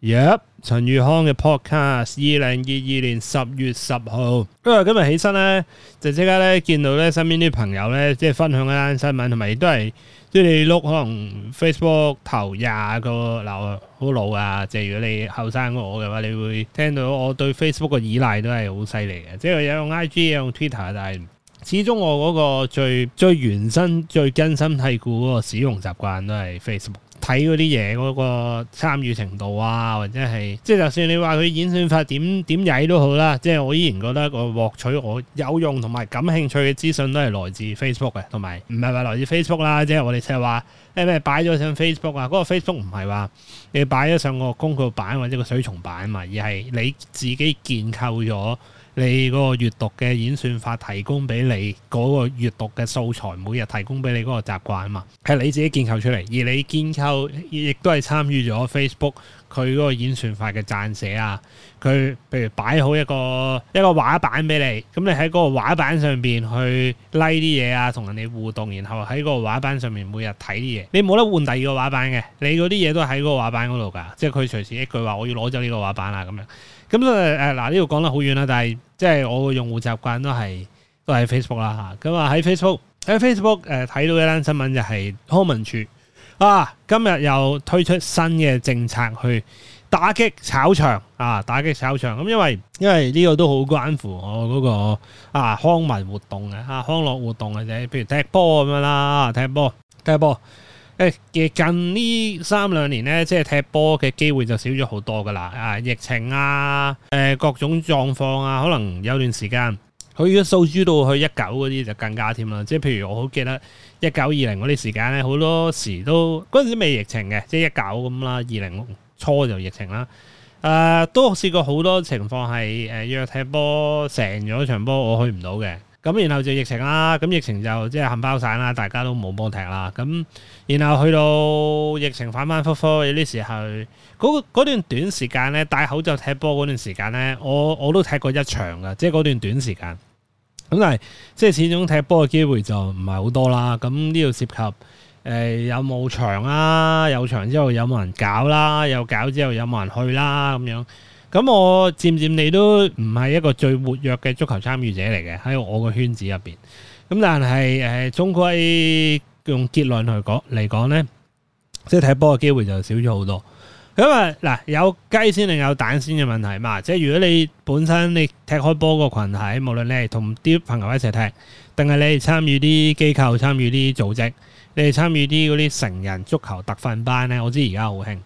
Yep，陳宇康嘅 podcast，二零二二年十月十號，因今日起身咧，就即刻咧見到咧身邊啲朋友咧，即係分享一單新聞，同埋亦都係即係你碌可能 Facebook 頭廿個流好老啊，即係如果你後生我嘅話，你會聽到我對 Facebook 嘅依賴都係好犀利嘅，即係有用 IG 有用 Twitter，但係始終我嗰個最最原生最根深蒂固嗰個使用習慣都係 Facebook。睇嗰啲嘢嗰個參與程度啊，或者係即係，就算你話佢演算法點點曳都好啦，即係我依然覺得個獲取我有用同埋感興趣嘅資訊都係來自 Facebook 嘅，同埋唔係話來自 Facebook 啦，即係我哋即係話咩咩擺咗上 Facebook 啊，嗰個 Facebook 唔係話你擺咗上個工具板或者個水松板啊嘛，而係你自己建構咗。你嗰個閱讀嘅演算法提供俾你嗰個閱讀嘅素材，每日提供俾你嗰個習慣嘛，係你自己建構出嚟。而你建構亦都係參與咗 Facebook 佢嗰個演算法嘅撰寫啊。佢譬如擺好一個一個畫板俾你，咁你喺嗰個畫板上面去拉啲嘢啊，同人哋互動，然後喺個畫板上面每日睇啲嘢。你冇得換第二個畫板嘅，你嗰啲嘢都喺嗰個畫板嗰度㗎，即係佢隨時一句話，「我要攞走呢個畫板啊！」咁樣。咁都誒嗱呢度講得好遠啦，但係即係我嘅用戶習慣都係都喺 Facebook 啦吓咁啊喺 Facebook 喺 Facebook 睇、啊、到一單新聞就係康文署啊，今日又推出新嘅政策去打擊炒場啊，打擊炒場咁、啊，因為因為呢個都好關乎我嗰、那個啊康文活動嘅啊康樂活動嘅，啫，譬如踢波咁樣啦，踢波踢波。誒近呢三兩年呢，即係踢波嘅機會就少咗好多噶啦！啊，疫情啊，誒各種狀況啊，可能有段時間，去到數珠到去一九嗰啲就更加添啦。即係譬如我好記得一九二零嗰啲時間呢，好多時都嗰陣時未疫情嘅，即係一九咁啦，二零初就疫情啦。誒、啊，都試過好多情況係誒、啊、約踢波，成咗場波，我去唔到嘅。咁然後就疫情啦，咁疫情就即係冚包散啦，大家都冇波踢啦。咁然後去到疫情反反復復，有啲時候嗰段短時間呢，戴口罩踢波嗰段時間呢，我我都踢過一場噶，即係嗰段短時間。咁但係即係始終踢波嘅機會就唔係好多啦。咁呢度涉及誒、呃、有冇場啦，有場之後有冇人搞啦，有搞之後有冇人去啦咁樣。咁我漸漸你都唔係一個最活躍嘅足球參與者嚟嘅，喺我個圈子入面。咁但係、呃、總歸用結論去講嚟講呢，即係踢波嘅機會就少咗好多。咁啊嗱，有雞先定有蛋先嘅問題嘛？即係如果你本身你踢開波個群體，無論你係同啲朋友一齊踢，定係你係參與啲機構、參與啲組織，你係參與啲嗰啲成人足球特訓班呢？我知而家好興。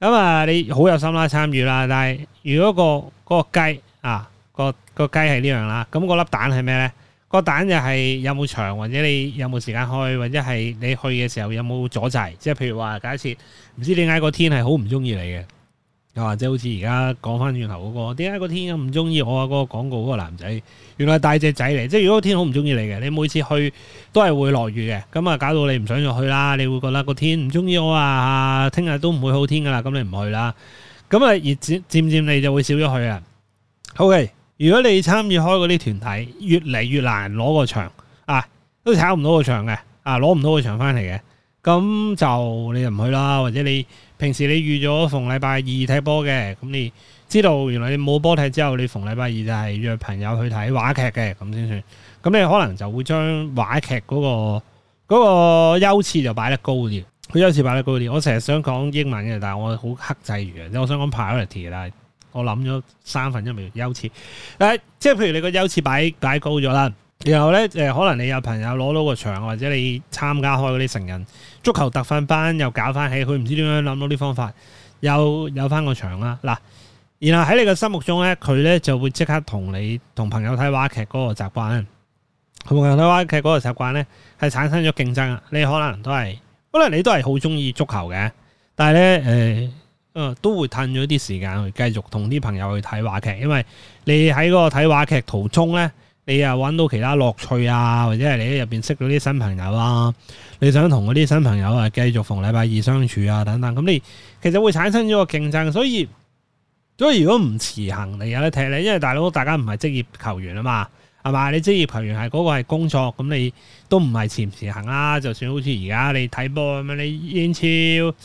咁、嗯、啊，你好有心啦，參與啦，但係如果、那個、那個雞啊，個、那個雞係呢樣啦，咁、那個粒蛋係咩呢？那個蛋就係有冇場，或者你有冇時間開，或者係你去嘅時候有冇阻滯，即係譬如話，假設唔知點解個天係好唔中意你嘅。又或者好似而家講翻轉頭嗰個，點解個天咁唔中意我啊？嗰個廣告嗰個男仔，原來大隻仔嚟。即係如果個天好唔中意你嘅，你每次去都係會落雨嘅。咁啊，搞到你唔想再去啦。你會覺得個天唔中意我啊，聽日都唔會好天噶啦。咁你唔去啦。咁啊，而漸漸漸你就會少咗去啊。OK，如果你參與開嗰啲團體，越嚟越難攞個場啊，都炒唔到個場嘅啊，攞唔到個場翻嚟嘅。咁就你就唔去啦，或者你平時你預咗逢禮拜二踢波嘅，咁你知道原來你冇波踢之後，你逢禮拜二就係約朋友去睇話劇嘅咁先算。咁你可能就會將話劇嗰個嗰個優次就擺得高啲，佢優次擺得高啲。我成日想講英文嘅，但我好克制住，即係我想講 priority 但係我諗咗三分一秒優次。哎、即係譬如你個優次擺擺高咗啦，然後咧、呃、可能你有朋友攞到個場，或者你參加開嗰啲成人。足球特訓班又搞翻起，佢唔知點樣諗到啲方法，又有翻個場啦嗱。然後喺你嘅心目中呢，佢呢就會即刻同你同朋友睇話劇嗰個習慣，同朋友睇話劇嗰個習慣呢係產生咗競爭啊！你可能都係，可能你都係好中意足球嘅，但係呢誒、呃，都會褪咗啲時間去繼續同啲朋友去睇話劇，因為你喺嗰個睇話劇途中呢。你啊，揾到其他樂趣啊，或者係你喺入邊識到啲新朋友啦，你想同嗰啲新朋友啊繼續逢禮拜二相處啊等等，咁你其實會產生咗個競爭，所以所以如果唔持恆，你有得踢咧，因為大佬大家唔係職業球員啊嘛，係嘛？你職業球員係嗰、那個係工作，咁你都唔係持唔持恆啦、啊。就算好似而家你睇波咁樣，你英超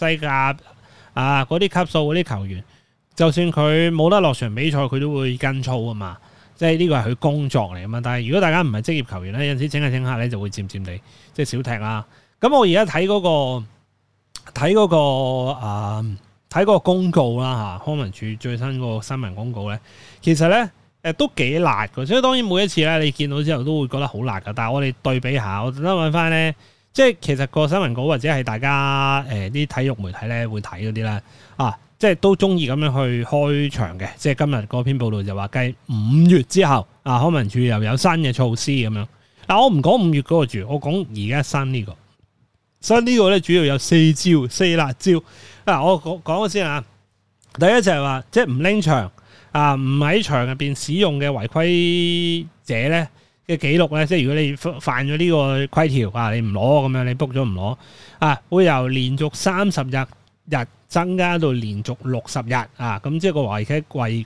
西甲啊嗰啲級數嗰啲球員，就算佢冇得落場比賽，佢都會跟操啊嘛。即係呢個係佢工作嚟啊嘛，但係如果大家唔係職業球員咧，有陣時請下請下咧就會漸漸地即係少踢啦。咁我而家睇嗰個睇嗰個啊睇個公告啦嚇，康文署最新嗰個新聞公告咧，其實咧誒都幾辣噶，所以當然每一次咧你見到之後都會覺得好辣噶。但係我哋對比下，我特登揾翻咧，即係其實個新聞稿或者係大家誒啲、呃、體育媒體咧會睇嗰啲咧啊。即係都中意咁樣去開場嘅，即係今日嗰篇報道就話繼五月之後，啊，康文署又有新嘅措施咁樣。嗱、啊，我唔講五月嗰個住，我講而家新呢、呢個。新呢個咧主要有四招、四辣招。嗱、啊，我講講先啊。第一就係話，即係唔拎場啊，唔喺場入邊使用嘅違規者咧嘅記錄咧，即係如果你犯咗呢個規條啊，你唔攞咁樣，你 book 咗唔攞啊，會由連續三十日日。增加到連續六十日啊！咁即係個違規違規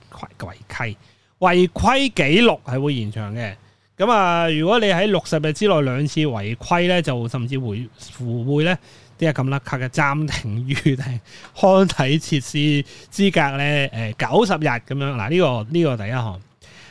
規規規記錄係會延長嘅。咁啊，如果你喺六十日之內兩次違規咧，就甚至乎會附會咧啲咁甩卡嘅暫停預定康體設施資格咧。誒九十日咁樣嗱，呢、啊呢個呢、呢個第一項，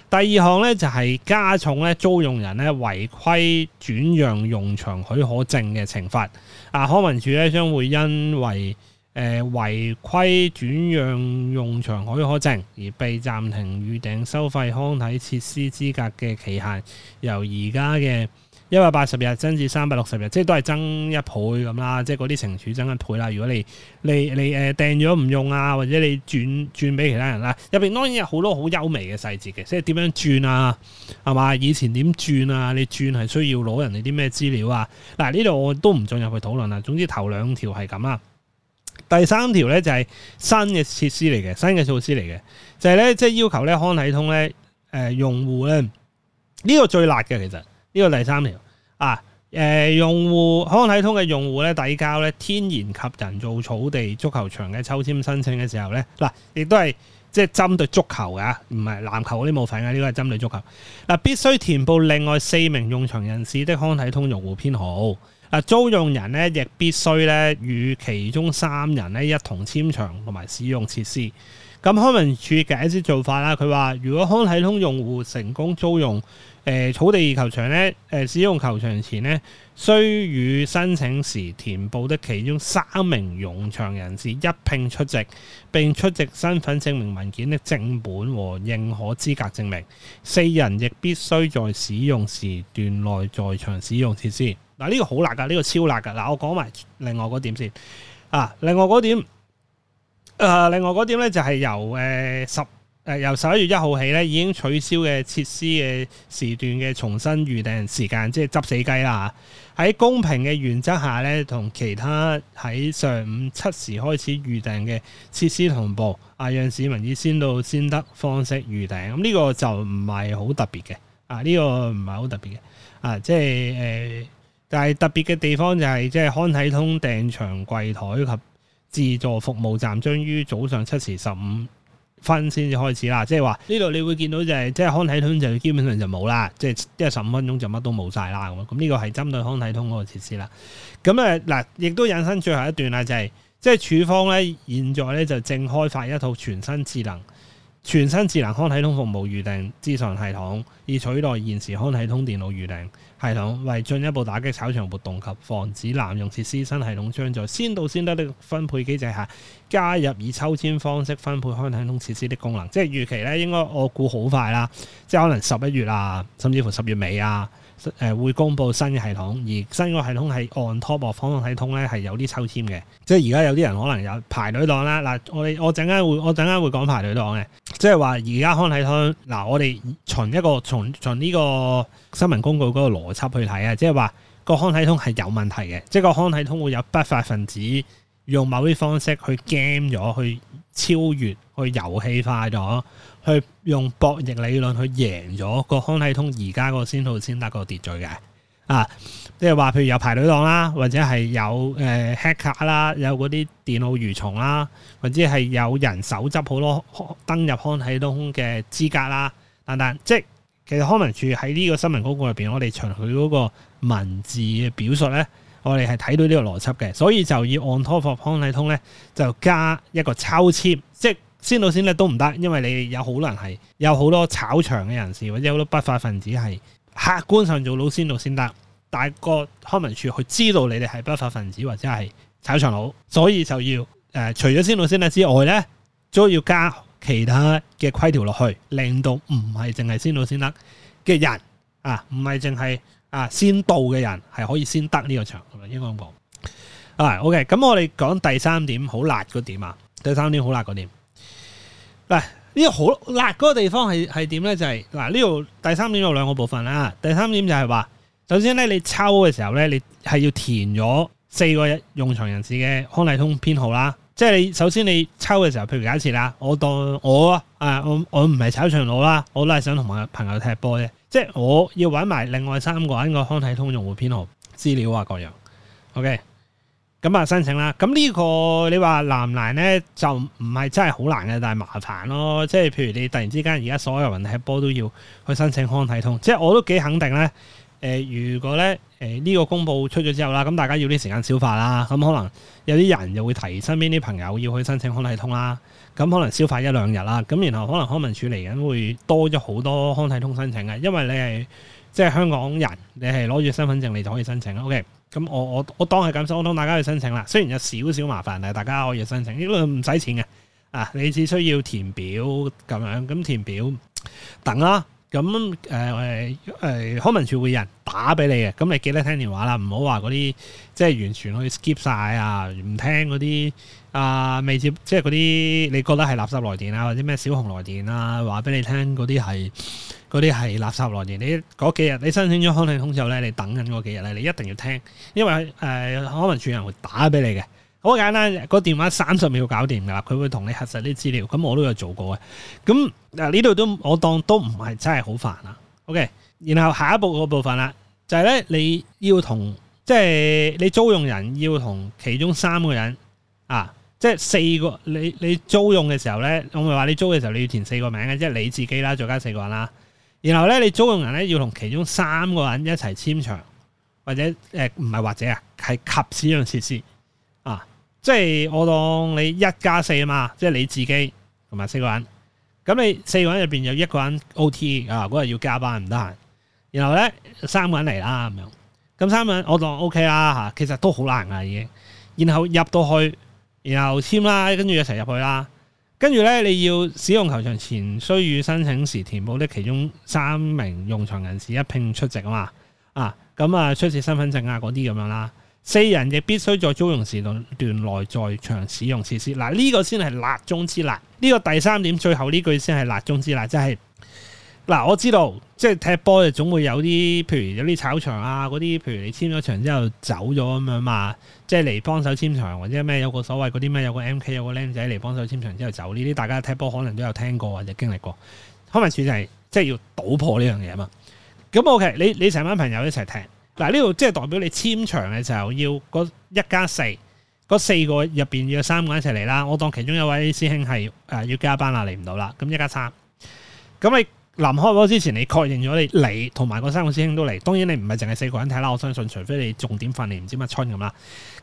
第二項咧就係、係、加重咧租用人咧違規轉讓用場許可證嘅懲罰。啊，康文署咧將會因為誒、呃、違規轉讓用場許可，可證而被暫停預訂收費康體設施資格嘅期限，由而家嘅一百八十日增至三百六十日，即係都係增一倍咁啦。即係嗰啲懲處增一倍啦。如果你你你誒訂咗唔用啊，或者你轉轉俾其他人啦，入邊當然有好多好優美嘅細節嘅，即係點樣轉啊，係嘛？以前點轉啊？你轉係需要攞人哋啲咩資料啊？嗱，呢度我都唔進入去討論啦。總之頭兩條係咁啦。第三條咧就係新嘅設施嚟嘅，新嘅措施嚟嘅，就係咧即係要求咧康體通咧用戶咧呢、呢個最辣嘅其實呢、呢個第三條啊用戶、呃、康體通嘅用戶咧抵交咧天然及人造草地足球場嘅抽簽申請嘅時候咧嗱亦都係即係針對足球㗎唔係籃球嗰啲冇份㗎。呢個係針對足球嗱、啊、必須填報另外四名用場人士的康體通用戶編號。租用人咧亦必須咧與其中三人一同簽場同埋使用設施。咁康文署嘅一啲做法啦，佢話如果康體通用戶成功租用草地球場，使用球場前，需與申請時填報的其中三名用場人士一並出席，並出席身份證明文件的正本和認可資格證明。四人亦必須在使用時段內在場使用設施。嗱、這個，呢個好辣㗎，呢個超辣㗎。嗱，我講埋另外嗰點先啊。另外嗰點、啊，另外嗰點呢就係由誒十誒由十一月一號起呢，已經取消嘅設施嘅時段嘅重新預訂時間，即係執死雞啦。喺公平嘅原則下呢，同其他喺上午七時開始預訂嘅設施同步，啊，讓市民以先到先得方式預訂。咁、啊、呢、這個就唔係好特別嘅啊，呢、這個唔係好特別嘅啊，即係誒。呃但係特別嘅地方就係即係康體通訂場櫃台及自助服務站將於早上七時十五分先至開始啦。即係話呢度你會見到就係即係康體通就基本上就冇啦，即係即係十五分鐘就乜都冇晒啦咁。咁呢個係針對康體通嗰個設施啦。咁誒嗱，亦都引申最後一段啦，就係即係處方咧，現在咧就正開發一套全新智能。全新智能康體通服務預訂資訊系統，以取代現時康體通電腦預訂系統，為進一步打擊炒場活動及防止濫用設施，新系統將在先到先得的分配機制下，加入以抽籤方式分配康體通設施的功能。即係預期咧，應該我估好快啦，即係可能十一月啊，甚至乎十月尾啊。誒會公布新嘅系統，而新個系統係 on top of 系統咧，係有啲抽籤嘅，即係而家有啲人可能有排隊檔啦。嗱，我哋我陣間會我陣間會講排隊檔嘅，即係話而家康體通，嗱，我哋從一個從從呢個新聞公告嗰個邏輯去睇啊，即係話個康體通係有問題嘅，即係個康體通會有不法分子用某啲方式去 game 咗，去超越，去遊戲化咗。去用博弈理論去贏咗個康體通而家個先到先得個秩序嘅啊！即係話，譬如有排隊黨啦，或者係有誒 hacker 啦，有嗰啲電腦蠕蟲啦，或者係有人手執好多登入康體通嘅資格啦。但但即其實康文署喺呢個新聞公告入面，我哋從佢嗰個文字嘅表述咧，我哋係睇到呢個邏輯嘅，所以就要 on top of 康體通咧，就加一個抽籤，即先到先得都唔得，因為你有可能係有好多炒場嘅人士，或者好多不法分子係客觀上做到先到先得，但係個康文署佢知道你哋係不法分子或者係炒場佬，所以就要誒、呃、除咗先到先得之外呢，都要加其他嘅規條落去，令到唔係淨係先到先得嘅人啊，唔係淨係啊先到嘅人係可以先得呢個場，係咪應該咁講？啊，OK，咁我哋講第三點好辣嗰點啊，第三點好辣嗰點。嗱，呢個好辣嗰個地方係係點呢？就係，是，嗱，呢度第三點有兩個部分啦。第三點就係，是，話，首先呢，你抽嘅時候呢，你係要填咗四個用場人士嘅康體通編號啦。即係你首先你抽嘅時候，譬如假設啦，我當我啊，我我唔係炒場佬啦，我都係想同我朋友踢波啫。即係我要揾埋另外三個人個康體通用戶編號資料啊，各樣，OK。咁啊，申請啦！咁呢個你話難唔難呢？就唔係真係好難嘅，但係麻煩咯。即係譬如你突然之間而家所有人踢波都要去申請康體通，即係我都幾肯定呢、呃。如果呢、呃這個公佈出咗之後啦，咁大家要啲時間消化啦。咁可能有啲人又會提身邊啲朋友要去申請康體通啦。咁可能消化一兩日啦。咁然後可能康文署嚟緊會多咗好多康體通申請嘅，因為你係即係香港人，你係攞住身份證你就可以申請啦。OK。咁我我我當係咁先，我等大家去申請啦。雖然有少少麻煩，但大家可以申請，呢個唔使錢嘅。啊，你只需要填表咁樣，咁填表等啦。咁誒誒誒，康文署會有人打俾你嘅，咁你記得聽電話啦。唔好話嗰啲即係完全可以 skip 晒啊，唔聽嗰啲啊未接，即係嗰啲你覺得係垃圾來電啊，或者咩小紅來電啊，話俾你聽嗰啲係。嗰啲係垃圾來電，你嗰幾日你申請咗康體通之後咧，你等緊嗰幾日咧，你一定要聽，因為誒、呃、可能主人會打俾你嘅。好簡單，個電話三十秒搞掂噶啦，佢會同你核實啲資料。咁我都有做過嘅。咁嗱呢度都我當都唔係真係好煩啦。OK，然後下一步個部分啦，就係、是、咧你要同即係你租用人要同其中三個人啊，即係四個你你租用嘅時候咧，我咪話你租嘅時候你要填四個名嘅，即、就、係、是、你自己啦，再加四個人啦。然後咧，你租用人咧，要同其中三個人一齊簽場，或者誒唔係或者啊，係及使用設施啊，即係我當你一加四啊嘛，即係你自己同埋四個人，咁你四個人入邊有一個人 O T 啊，嗰日要加班唔得閒，然後咧三個人嚟啦咁樣，咁三個人我當 OK 啦吓，其實都好難啊已經，然後入到去，然後簽啦，跟住一齊入去啦。跟住咧，你要使用球場前，需與申請時填補的其中三名用場人士一並出席啊嘛，啊咁啊出示身份證啊嗰啲咁樣啦。四人亦必須在租用時段內在場使用設施。嗱、啊，呢、這個先係辣中之辣。呢、這個第三點，最後呢句先係辣中之辣，即係。嗱、啊，我知道即係踢波就總會有啲，譬如有啲炒場啊，嗰啲譬如你簽咗場之後走咗咁樣嘛，即係嚟幫手簽場或者咩，有個所謂嗰啲咩，有個 MK 有個僆仔嚟幫手簽場之後走呢啲，這些大家踢波可能都有聽過或者經歷過。開文處就係、是、即係要倒破呢樣嘢啊嘛。咁 OK，你你成班朋友一齊踢嗱，呢、啊、度即係代表你簽場嘅時候要一加四，嗰四個入邊要三個一齊嚟啦。我當其中一位師兄係誒要加班啦，嚟唔到啦，咁一加三，咁你？臨開波之前，你確認咗你嚟，同埋嗰三個師兄都嚟。當然你唔係淨係四個人睇啦。我相信，除非你重點訓練，唔知乜春咁啦。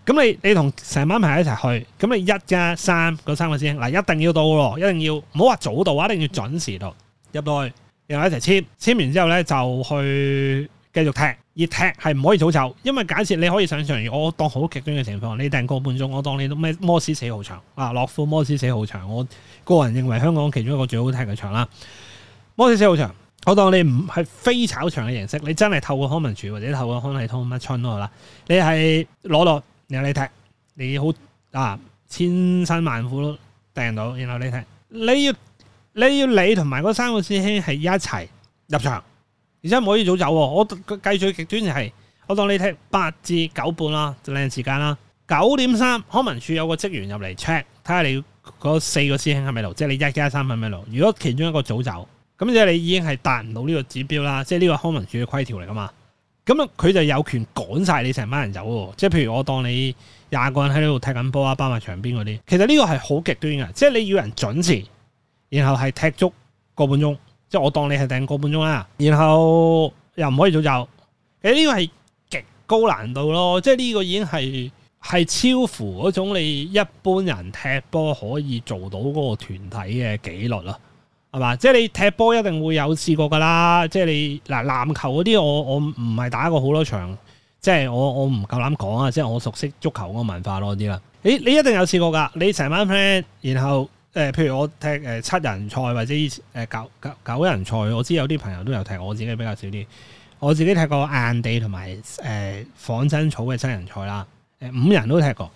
咁你你同成班朋友一齊去，咁你一加三嗰三個師兄嗱，一定要到喎，一定要唔好話早到啊，一定要準時到入到去，然後一齊簽，簽完之後咧就去繼續踢。而踢係唔可以早走，因為假設你可以上場，我當好極端嘅情況，你訂個半鐘，我當你咩摩斯四號場啊，樂富摩斯四號場，我個人認為香港其中一個最好踢嘅場啦。摩斯斯好長，我當你唔係非炒場嘅形式，你真係透過康文署或者透過康體通乜春都好啦。你係攞落，然後你踢，你好啊千辛萬苦掟到，然後你踢，你要你要你同埋嗰三個師兄係一齊入場，而且唔可以早走。我計最極端就係，我當你踢八至九半啦，就靚時間啦，九點三康文署有個職員入嚟 check，睇下你嗰四個師兄係咪度，即係你一加三係咪度？如果其中一個早走。咁即係你已經係達唔到呢個指標啦，即係呢個康文署嘅規條嚟噶嘛？咁啊，佢就有權趕晒你成班人走。即係譬如我當你廿個人喺呢度踢緊波啊，包埋場邊嗰啲，其實呢個係好極端㗎，即係你要人準時，然後係踢足個半鐘，即係我當你係頂個半鐘啦，然後又唔可以早走。誒，呢個係極高難度咯，即係呢個已經係係超乎嗰種你一般人踢波可以做到嗰個團體嘅紀律咯。係嘛？即係你踢波一定會有試過噶啦。即係你嗱籃球嗰啲，我我唔係打過好多場，即係我我唔夠膽講啊。即係我熟悉足球嗰個文化多啲啦。誒，你一定有試過噶。你成班 friend，然後誒，譬如我踢誒七人賽或者誒九九九人賽，我知有啲朋友都有踢，我自己比較少啲。我自己踢過硬地同埋誒仿真草嘅七人賽啦，誒五人都踢過。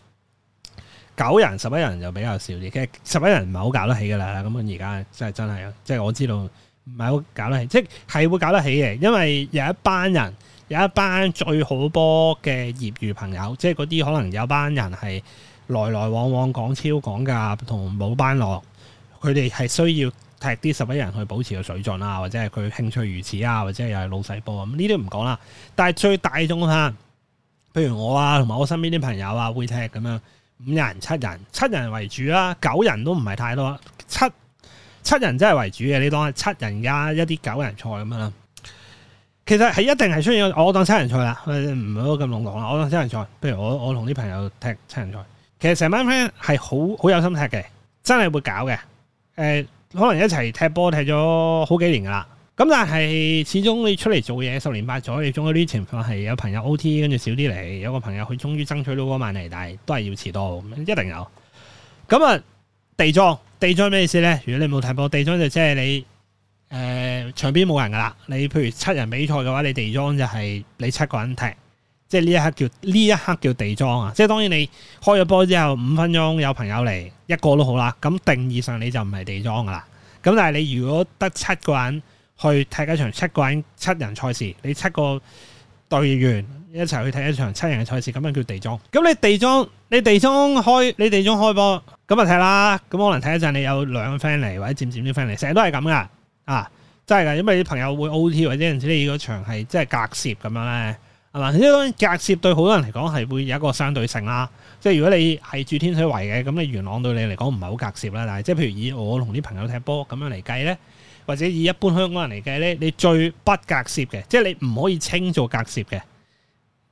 九人、十一人就比較少啲，其實十一人唔係好搞得起噶啦。咁而家真係真係，即係我知道唔係好搞得起，即係會搞得起嘅，因為有一班人，有一班最好波嘅業餘朋友，即係嗰啲可能有班人係來來往往講超講價同冇班落，佢哋係需要踢啲十一人去保持個水準啊，或者係佢興趣如此啊，或者又係老細波啊，呢啲唔講啦。但係最大眾吓，譬如我啊，同埋我身邊啲朋友啊會踢咁樣。五人、七人、七人為主啦，九人都唔係太多。七七人真係為主嘅，你當係七人加一啲九人賽咁樣啦。其實係一定係出現我當七人賽啦，唔好咁籠統啦。我當七人賽，不如我我同啲朋友踢七人賽，其實成班 friend 係好好有心踢嘅，真係會搞嘅。誒、呃，可能一齊踢波踢咗好幾年噶啦。咁但係始終你出嚟做嘢十年八載，你總有啲情況係有朋友 O.T. 跟住少啲嚟，有個朋友佢終於爭取到嗰萬嚟，但係都係要遲到咁，一定有。咁、嗯、啊地裝地裝咩意思呢？如果你冇睇波地裝就即係你誒、呃、場邊冇人噶啦。你譬如七人比賽嘅話，你地裝就係你七個人踢，即係呢一刻叫呢一刻叫地裝啊！即係當然你開咗波之後五分鐘有朋友嚟一個都好啦，咁定義上你就唔係地裝噶啦。咁但係你如果得七個人。去踢一場七個人七人賽事，你七個隊員一齊去踢一場七人嘅賽事，咁樣叫地中。咁你地中你地中開，你地中開波，咁啊踢啦。咁可能睇一陣，你有兩個 friend 嚟，或者漸漸啲 friend 嚟，成日都係咁噶。啊，真係噶，因為啲朋友會 O.T. 或者甚至你嗰場係即係隔攝咁樣咧，係嘛？因為隔攝對好多人嚟講係會有一個相對性啦。即係如果你係住天水圍嘅，咁你元朗對你嚟講唔係好隔攝啦。但係即係譬如以我同啲朋友踢波咁樣嚟計咧。或者以一般香港人嚟計咧，你最不隔涉嘅，即係你唔可以稱做隔涉嘅，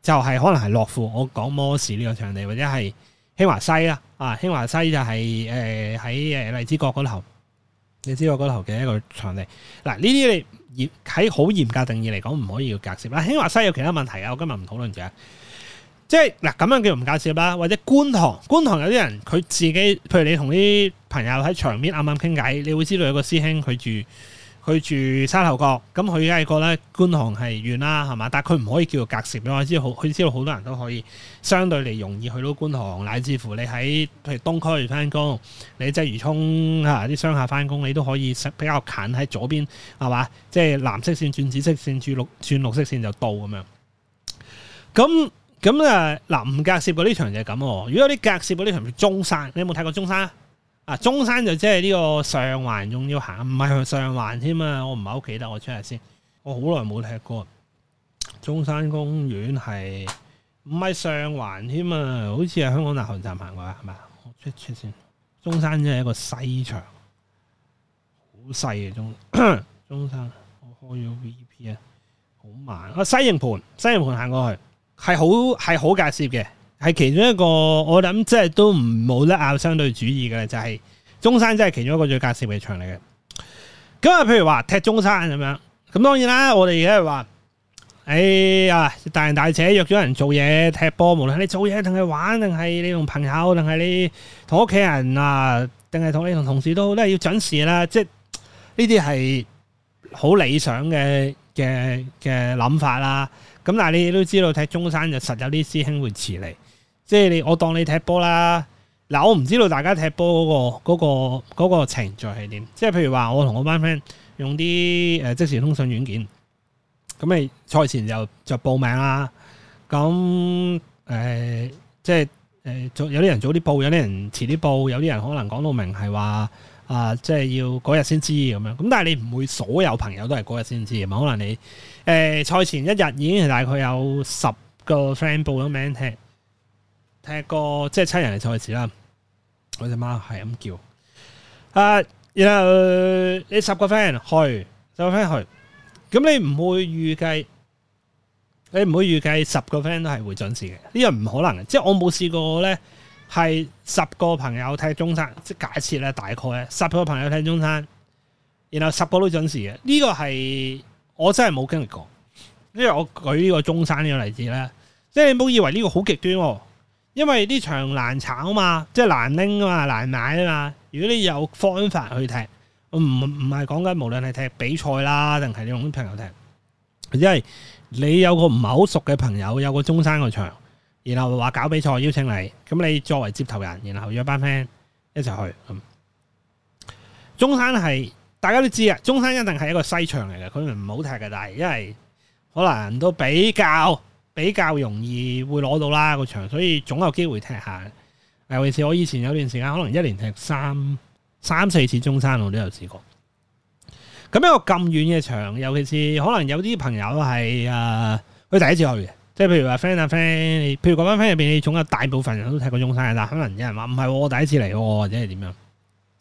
就係、是、可能係樂富我講摩士呢個場地，或者係興華西啦，啊興華西就係誒喺誒荔枝角嗰頭，荔枝角嗰頭嘅一個場地。嗱呢啲你嚴喺好嚴格定義嚟講，唔可以叫隔涉啦、啊。興華西有其他問題啊，我今日唔討論住。即係嗱，咁樣叫唔隔涉啦，或者觀塘，觀塘有啲人佢自己，譬如你同啲朋友喺場邊啱啱傾偈，你會知道有個師兄佢住佢住沙頭角，咁佢梗係覺得觀塘係遠啦，係嘛？但佢唔可以叫做隔涉，畀我知佢知道好知道好多人都可以相對嚟容易去到觀塘，乃至乎你喺譬如東區翻工，你即係鰂魚涌啊啲商廈翻工，你都可以比較近喺左邊，係嘛？即係藍色線轉紫色線轉綠,轉綠色線就到咁樣，咁。咁啊，嗱，唔隔涉嗰啲場就咁。如果啲隔涉嗰啲場，中山，你有冇睇過中山啊？啊，中山就即係呢個上環仲要行，唔係上環添啊！我唔喺屋企，得，我出嚟先。我好耐冇踢過中山公園，係唔係上環添啊？好似係香港大學站行過去係咪啊？我出出先。中山即係一個西場，好細嘅中中山。我開咗 V P 啊，好慢。啊，西營盤，西營盤行過去。係好係好隔涉嘅，係其中一個我諗，即係都唔冇得拗相對主義嘅，就係、是、中山真係其中一個最隔涉嘅場嚟嘅。咁啊，譬如話踢中山咁樣，咁當然啦，我哋而家係話，哎呀大人大姐約咗人做嘢踢波，無論係你做嘢定係玩，定係你同朋友，定係你同屋企人啊，定係同你同同事都好，都係要準時啦。即係呢啲係好理想嘅嘅嘅諗法啦。咁但係你都知道踢中山就實有啲師兄會遲嚟，即係你我當你踢波啦。嗱，我唔知道大家踢波嗰個嗰個嗰個程序係點，即係譬如話我同我班 friend 用啲呃即時通訊軟件，咁咪賽前就就報名啦。咁、呃、即係、呃有啲人早啲報，有啲人遲啲報，有啲人可能講到明係話。啊，即係要嗰日先知咁樣，咁但係你唔會所有朋友都係嗰日先知嘅，可能你誒賽、呃、前一日已經大概有十個 friend 報咗名踢，踢過即係七人嘅賽事啦。我隻貓係咁叫，啊，然後你十個 friend 去，十個 friend 去，咁你唔會預計，你唔會預計十個 friend 都係會準時嘅，呢樣唔可能嘅，即係我冇試過咧。係十個朋友踢中山，即係假設咧，大概咧十個朋友踢中山，然後十個都準時嘅。呢、呢個係我真係冇經歷過，因為我舉呢個中山呢個例子咧，即係你唔好以為呢個好極端，喎，因為啲場難炒嘛，即係難拎啊嘛，難買啊嘛。如果你有方法去踢，我唔唔係講緊無論係踢比賽啦，定係你用啲朋友踢，即係你有個唔係好熟嘅朋友，有個中山個場。然後話搞比賽邀請你，咁你作為接頭人，然後約班 friend 一齊去。中山係大家都知啊，中山一定係一個西場嚟嘅，佢唔好踢嘅，但係因為可能都比較比較容易會攞到啦個場，所以總有機會踢下。尤其是我以前有段時間，可能一連踢三三四次中山，我都有試過。咁一個咁遠嘅場，尤其是可能有啲朋友係誒佢第一次去嘅。即係譬如話 friend 啊 friend，譬如嗰班 friend 入邊，你總有大部分人都踢過中山嘅啦。可能有人話唔係，我第一次嚟喎、哦，或者係點樣？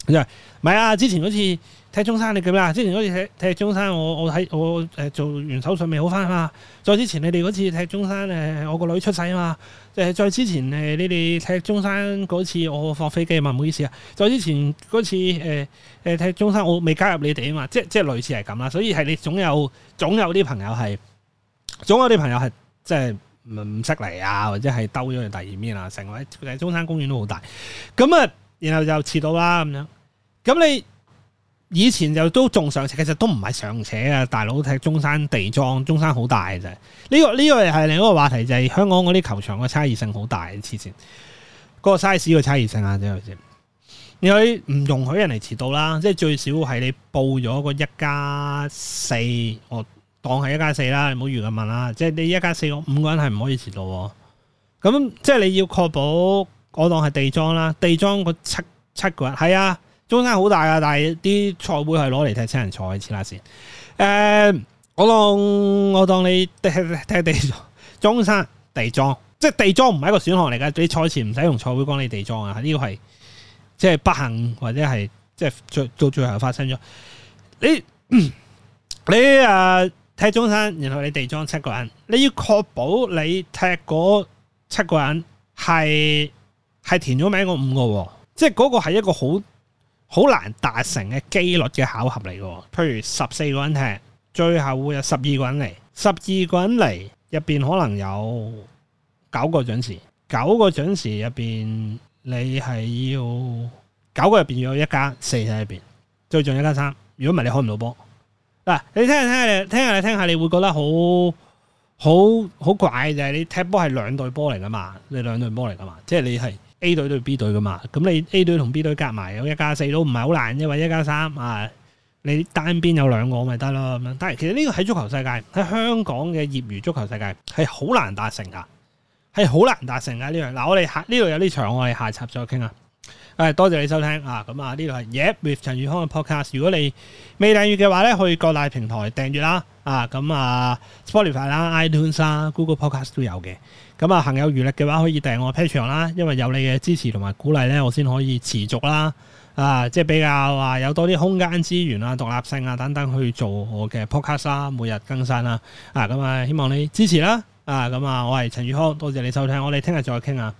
佢就唔、是、係啊！之前嗰次踢中山你點啦？之前嗰次踢踢中山，我我睇我誒做完手術未好翻嘛？再之前你哋嗰次踢中山誒，我個女出世啊嘛？誒再之前誒你哋踢中山嗰次，我放飛機啊嘛？唔好意思啊！再之前嗰次誒誒、呃、踢中山，我未加入你哋啊嘛？即即係類似係咁啦。所以係你總有總有啲朋友係總有啲朋友係。即係唔識嚟啊，或者係兜咗去第二面啊，成位中山公園都好大，咁啊，然後就遲到啦咁樣。咁你以前就都仲上斜，其實都唔係上斜啊。大佬踢中山地莊，中山好大嘅啫。呢個呢個係另一個話題，就係香港嗰啲球場個差異性好大。之前個 size 個差異性啊，真係先。你可以唔容許人嚟遲到啦，即係最少係你報咗個一加四我。當係一加四啦，你唔好預咁問啦。即係你一加四五五個人係唔可以遲到。咁即係你要確保我當係地裝啦，地裝個七七個人係啊，中山好大噶，但係啲賽會係攞嚟踢新人賽先啦先。誒、呃，我當我當你踢睇地裝山地裝，即係地裝唔係一個選項嚟噶，你賽前唔使用賽會講你地裝啊，呢個係即係不幸或者係即係最到最後發生咗你你啊！呃踢中山，然後你地裝七個人，你要確保你踢嗰七個人係係填咗名嗰五個，即係嗰個係一個好好難達成嘅紀律嘅考核嚟嘅。譬如十四個人踢，最後會有十二個人嚟，十二個人嚟入邊可能有九個準時，九個準時入邊你係要九個入邊要有一家四喺入邊，最重要一家三，如果唔係你開唔到波。嗱，你聽下聽下聽下聽下，你會覺得好好好怪就係你踢波係兩隊波嚟噶嘛，你兩隊波嚟噶嘛，即係你係 A 隊對 B 隊噶嘛，咁你 A 隊同 B 隊夾埋有一加四都唔係好難，因為一加三，啊，你單邊有兩個咪得咯咁樣。但係其實呢個喺足球世界，喺香港嘅業餘足球世界係好難達成啊，係好難達成嘅呢樣。嗱，我哋下呢度有啲場，我哋下集再傾啦。誒，多謝你收聽啊！咁啊，呢度係 Yep with 陳宇康嘅 Podcast。如果你未訂閱嘅話咧，去各大平台訂閱啦。啊，咁啊，Spotify 啦、iTunes 啦 Google Podcast 都有嘅。咁啊，行有餘力嘅話，可以訂我嘅 Patreon 啦。因為有你嘅支持同埋鼓勵咧，我先可以持續啦。啊，即係比較話有多啲空間資源啊、獨立性啊等等去做我嘅 Podcast 啦，每日更新啦、啊。啊，咁啊，希望你支持啦。啊，咁啊，啊，我係陳宇康，多謝你收聽，我哋聽日再傾啊！